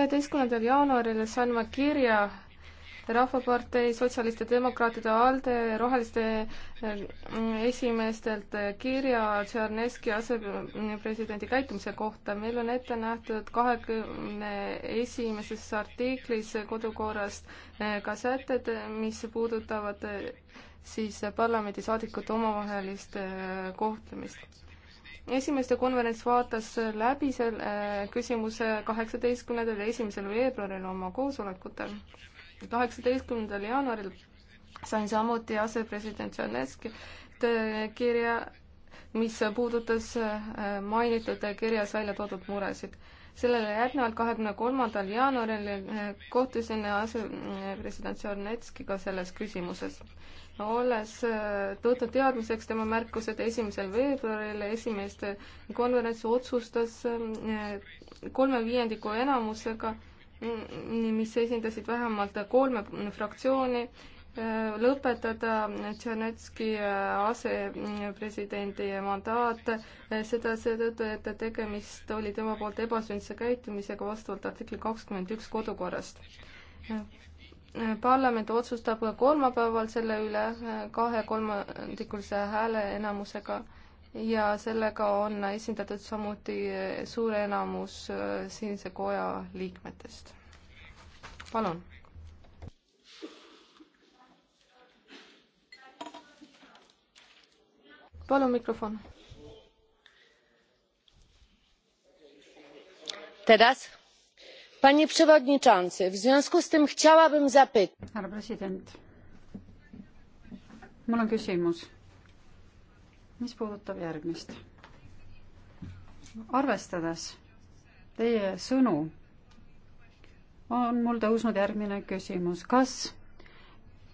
üheteistkümnendal jaanuaril saime kirja Rahvapartei, Sotsialiste Demokraatide, ALDE, Roheliste eh, esimeestelt kirja Tšerneski asepresidendi käitumise kohta. meil on ette nähtud kahekümne esimeses artiklis kodukorrast eh, ka sätted, mis puudutavad eh, siis parlamendisaadikute omavahelist kohtlemist esimeste konverents vaatas läbi selle äh, küsimuse kaheksateistkümnendal ja esimesel veebruaril oma koosolekutel. kaheksateistkümnendal jaanuaril sain samuti asepresident Žaneskilt äh, kirja, mis puudutas äh, mainitud kirjas välja toodud muresid sellele järgnevalt kahekümne kolmandal jaanuaril eh, kohtusin asepresident eh, Tšernetskiga selles küsimuses. olles võtnud eh, teadmiseks tema märkused esimesel veebruaril esimeste konverents otsustas kolme viiendiku enamusega mm, mm, mis esindasid vähemalt kolme fraktsiooni lõpetada Tšernetski äh, asepresidendi mandaat, äh, seda seetõttu, et tegemist oli tema poolt ebasündse käitumisega vastavalt artikli kakskümmend üks kodukorrast. Äh, parlament otsustab kolmapäeval selle üle kahe kolmandikulise hääle enamusega ja sellega on esindatud samuti suur enamus siinse koja liikmetest. palun palun mikrofon. teraz? panie przewodniczący w związku z tym chciałabym zapytać. härra president mul on küsimus mis puudutab järgmist arvestades teie sõnu on mul tõusnud järgmine küsimus kas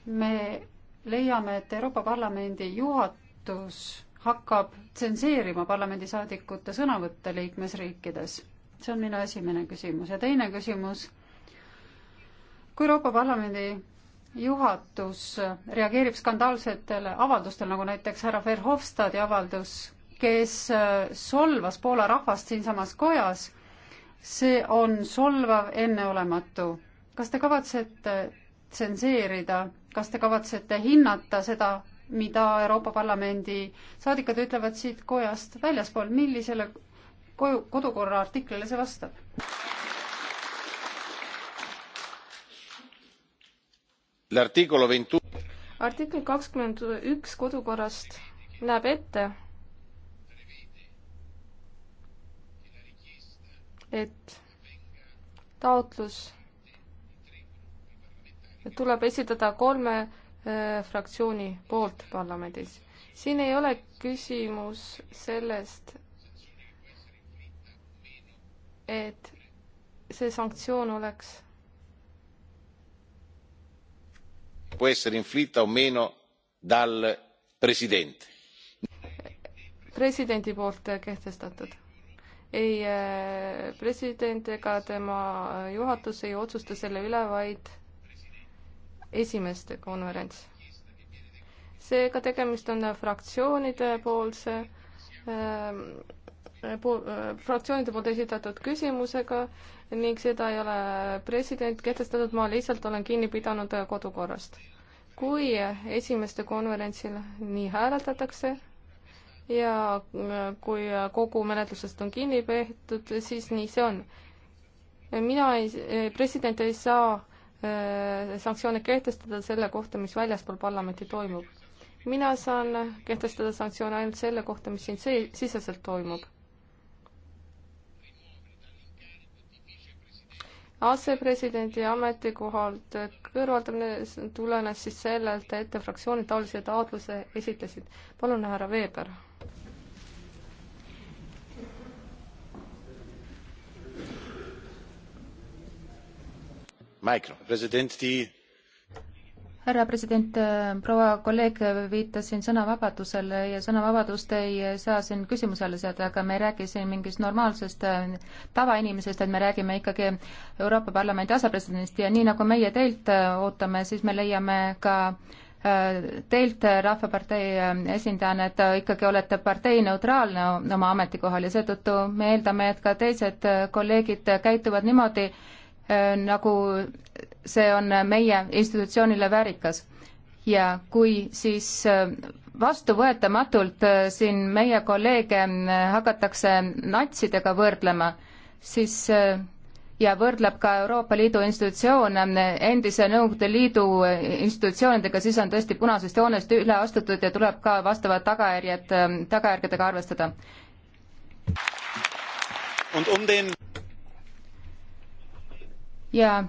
me leiame et euroopa parlamendi juhatus hakkab tsenseerima parlamendisaadikute sõnavõtte liikmesriikides? see on minu esimene küsimus ja teine küsimus, kui Euroopa Parlamendi juhatus reageerib skandaalsetele avaldustele, nagu näiteks härra Verhofstadi avaldus, kes solvas Poola rahvast siinsamas kojas, see on solvav enneolematu. kas te kavatsete tsenseerida, kas te kavatsete hinnata seda mida Euroopa Parlamendi saadikud ütlevad siit kojast väljaspool, millisele koju, kodukorra artiklile see vastab? artikkel kakskümmend üks kodukorrast näeb ette, et taotlus tuleb esitada kolme Äh, fraktsiooni poolt parlamendis. siin ei ole küsimus sellest, et see sanktsioon oleks può essere inflitta o meno dal presidente. presidendi poolt kehtestatud. ei äh, president ega tema juhatus ei otsusta selle üle, vaid esimeeste konverents. seega tegemist on fraktsioonide poolse ähm, äh, pool, äh, fraktsioonide poolt esitatud küsimusega ning seda ei ole president kehtestatud, ma lihtsalt olen kinni pidanud äh, kodukorrast. kui esimeste konverentsil nii hääletatakse ja kui kogu menetlusest on kinni peetud, siis nii see on. mina ei, president ei saa Äh, sanktsioone kehtestada selle kohta, mis väljaspool parlamenti toimub. mina saan kehtestada sanktsioone ainult selle kohta, mis siin see-, siseselt toimub. asepresidendi ametikohalt kõrvaldamine tulenes siis sellelt, et fraktsioonid taolise taotluse esitasid. palun, härra Veeber härra president, äh, proua kolleeg viitas siin sõnavabadusele ja sõnavabadust ei saa siin küsimuse alla seada, aga me ei räägi siin mingist normaalsest äh, tavainimesest, et me räägime ikkagi Euroopa Parlamendi asepresidendist ja nii nagu meie teilt äh, ootame, siis me leiame ka teilt, Rahvapartei esindajana, et te ikkagi olete parteineutraalne oma ametikohal ja seetõttu me eeldame, et ka teised kolleegid käituvad niimoodi, Äh, nagu see on meie institutsioonile väärikas. ja kui siis äh, vastuvõetamatult äh, siin meie kolleege hakatakse natsidega võrdlema, siis ja võrdleb ka Euroopa Liidu institutsioone endise Nõukogude Liidu institutsioonidega, siis on tõesti punasest joonest üle astutud ja tuleb ka vastavad tagajärjed, tagajärgedega arvestada ja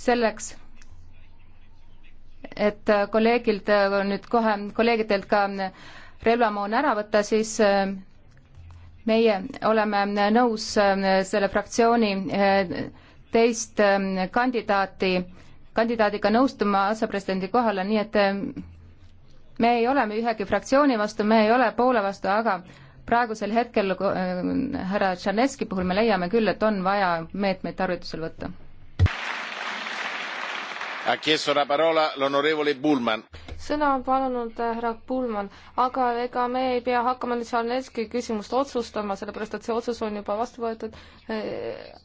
selleks, et kolleegilt äh, nüüd kohe, kolleegidelt ka äh, relvamoon ära võtta, siis äh, meie oleme nõus selle fraktsiooni teist kandidaati, kandidaadiga nõustuma asepresidendi kohale, nii et me ei ole ühegi fraktsiooni vastu, me ei ole Poola vastu, aga praegusel hetkel härra Tšernetski puhul me leiame küll, et on vaja meetmeid tarvitusele võtta sõna on palunud äh, härra Pullman, aga ega me ei pea hakkama nüüd Sarnetski küsimust otsustama, sellepärast et see otsus on juba vastu võetud. Äh,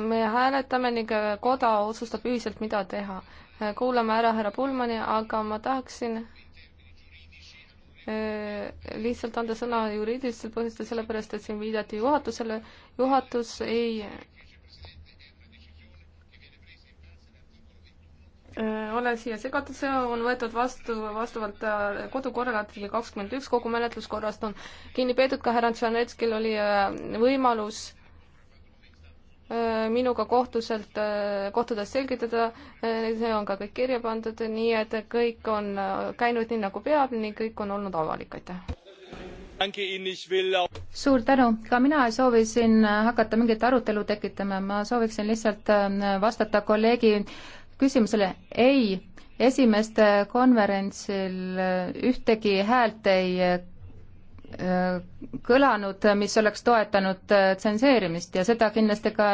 me hääletame ning äh, koda otsustab ühiselt, mida teha. kuulame ära härra Pullmani, aga ma tahaksin lihtsalt anda sõna juriidilistel põhjustel, sellepärast et siin viidati juhatusele, juhatus ei Äh, ole siia segatud, see on võetud vastu vastavalt äh, kodukorrale artikli kakskümmend üks, kogu menetluskorrast on kinni peetud, ka härra Tšanetskil oli äh, võimalus minuga kohtuselt, kohtudes selgitada, see on ka kõik kirja pandud, nii et kõik on käinud nii, nagu peab, nii kõik on olnud avalik, aitäh. suur tänu, ka mina ei soovi siin hakata mingit arutelu tekitama, ma sooviksin lihtsalt vastata kolleegi küsimusele ei, esimeste konverentsil ühtegi häält ei äh, kõlanud, mis oleks toetanud äh, tsenseerimist ja seda kindlasti ka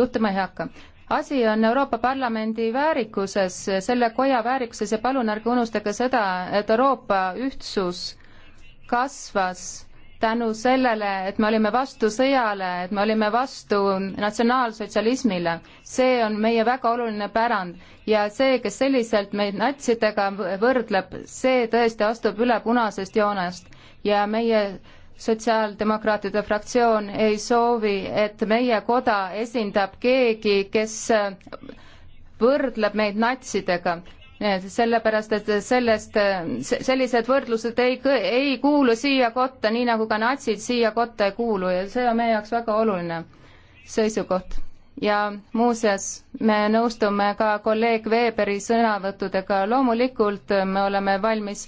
juhtuma ei hakka. asi on Euroopa Parlamendi väärikuses, selle koja väärikuses ja palun ärge unustage seda, et Euroopa ühtsus kasvas tänu sellele, et me olime vastu sõjale, et me olime vastu natsionaalsotsialismile. see on meie väga oluline pärand ja see, kes selliselt meid natsidega võrdleb, see tõesti astub üle punasest joonest ja meie sotsiaaldemokraatide fraktsioon ei soovi, et meie koda esindab keegi, kes võrdleb meid natsidega sellepärast, et sellest, sellised võrdlused ei, ei kuulu siia kotta, nii nagu ka natsid siia kotta ei kuulu ja see on meie jaoks väga oluline seisukoht. ja muuseas, me nõustume ka kolleeg Weberi sõnavõttudega, loomulikult me oleme valmis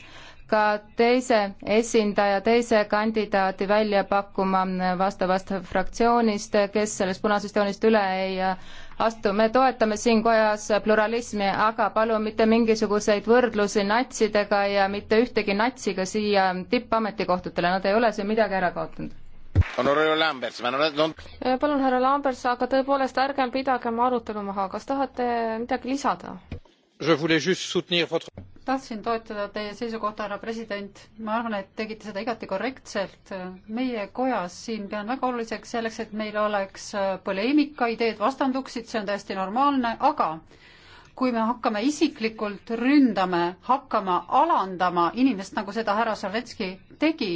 ka teise esindaja, teise kandidaadi välja pakkuma vastavast fraktsioonist, kes sellest punasest joonist üle ei äh, astu, me toetame siin kojas pluralismi, aga palun mitte mingisuguseid võrdlusi natsidega ja mitte ühtegi natsiga siia tippametikohtadele, nad ei ole siin midagi ära kaotanud Lambers, non... Eh, palun härra Lambers, aga tõepoolest ärgem pidagem arutelu maha, kas tahate midagi lisada? Votre tahtsin toetada teie seisukohta, härra president. ma arvan, et tegite seda igati korrektselt. meie kojas siin pean väga oluliseks selleks, et meil oleks poleemika, ideed vastanduksid, see on täiesti normaalne, aga kui me hakkame isiklikult ründama, hakkama alandama inimest, nagu seda härra Sovetski tegi,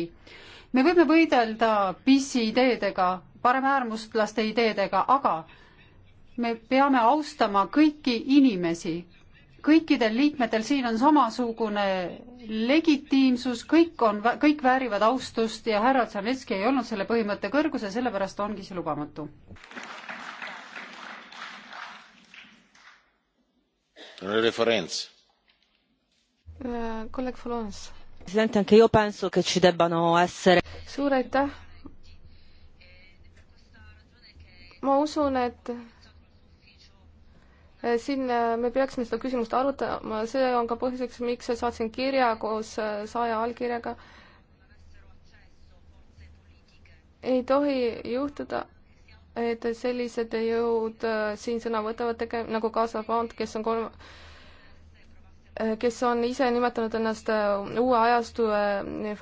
me võime võidelda pissiideedega, paremäärmuslaste ideedega, aga me peame austama kõiki inimesi, kõikidel liikmetel siin on samasugune legitiimsus, kõik on, kõik väärivad austust ja härra Tšernetski ei olnud selle põhimõtte kõrgusel, sellepärast ongi see lubamatu. referents. Äh, kolleeg Florence. president, anche io penso che ci debbano essere. suur aitäh. ma usun, et Äh, siin äh, me peaksime seda küsimust arutama, see on ka põhjuseks, miks saatsin kirja koos äh, saja allkirjaga. ei tohi juhtuda, et sellised jõud siin sõna võtavad, tege-, nagu kaasafond, kes on kolm, kes on ise nimetanud ennast uue ajastu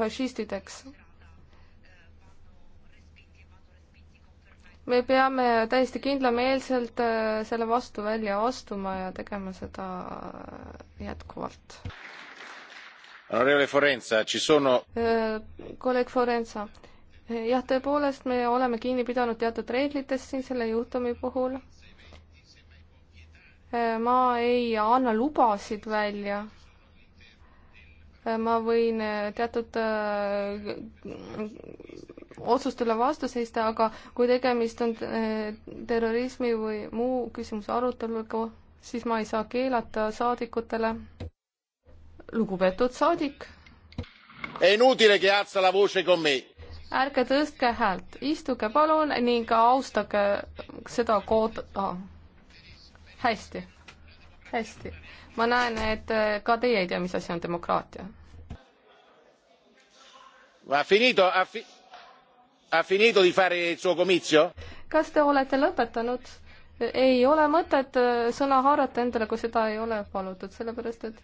fašistideks me peame täiesti kindlameelselt äh, selle vastu välja astuma ja tegema seda äh, jätkuvalt. Äh, kolleeg Forenza, jah, tõepoolest, me oleme kinni pidanud teatud reeglitest siin selle juhtumi puhul. ma ei anna lubasid välja Äh, ma võin äh, teatud äh, otsustele vastu seista, aga kui tegemist on terrorismi või muu küsimuse aruteluga, siis ma ei saa keelata saadikutele. lugupeetud saadik. ärge tõstke häält, istuge palun ning austage seda kood- ah.. hästi, hästi. ma näen, et ka teie ei tea, mis asi on demokraatia ha finito, ha fi, ha finito di fare il suo comizio? kas te olete lõpetanud? ei ole mõtet äh, sõna haarata endale, kui seda ei ole palutud, sellepärast et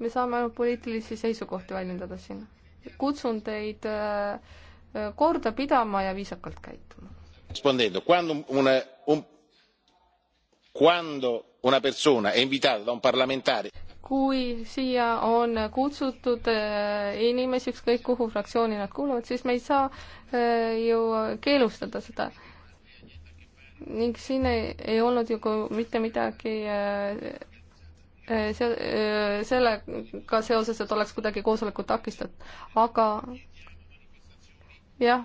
me saame ainult poliitilisi seisukohti väljendada siin. kutsun teid äh, korda pidama ja viisakalt käituma. Quando una persona è invitata da un parlamentare kui siia on kutsutud äh, inimesi, ükskõik kuhu fraktsiooni nad kuuluvad, siis me ei saa äh, ju keelustada seda. ning siin ei, ei olnud ju mitte midagi äh, se-, sellega seoses, et oleks kuidagi koosolekut takistatud, aga jah,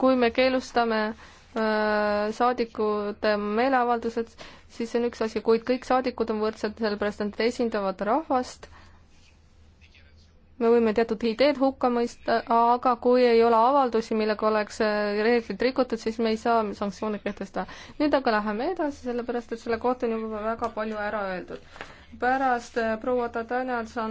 kui me keelustame äh, Äh, saadikute meeleavaldused, siis see on üks asi, kuid kõik saadikud on võrdsed, sellepärast et nad esindavad rahvast. me võime teatud ideed hukka mõista, aga kui ei ole avaldusi, millega oleks äh, reeglid rikutud, siis me ei saa sanktsioone kehtestada. nüüd aga läheme edasi, sellepärast et selle kohta on juba väga palju ära öeldud. pärast äh, proua Tatjana Tsan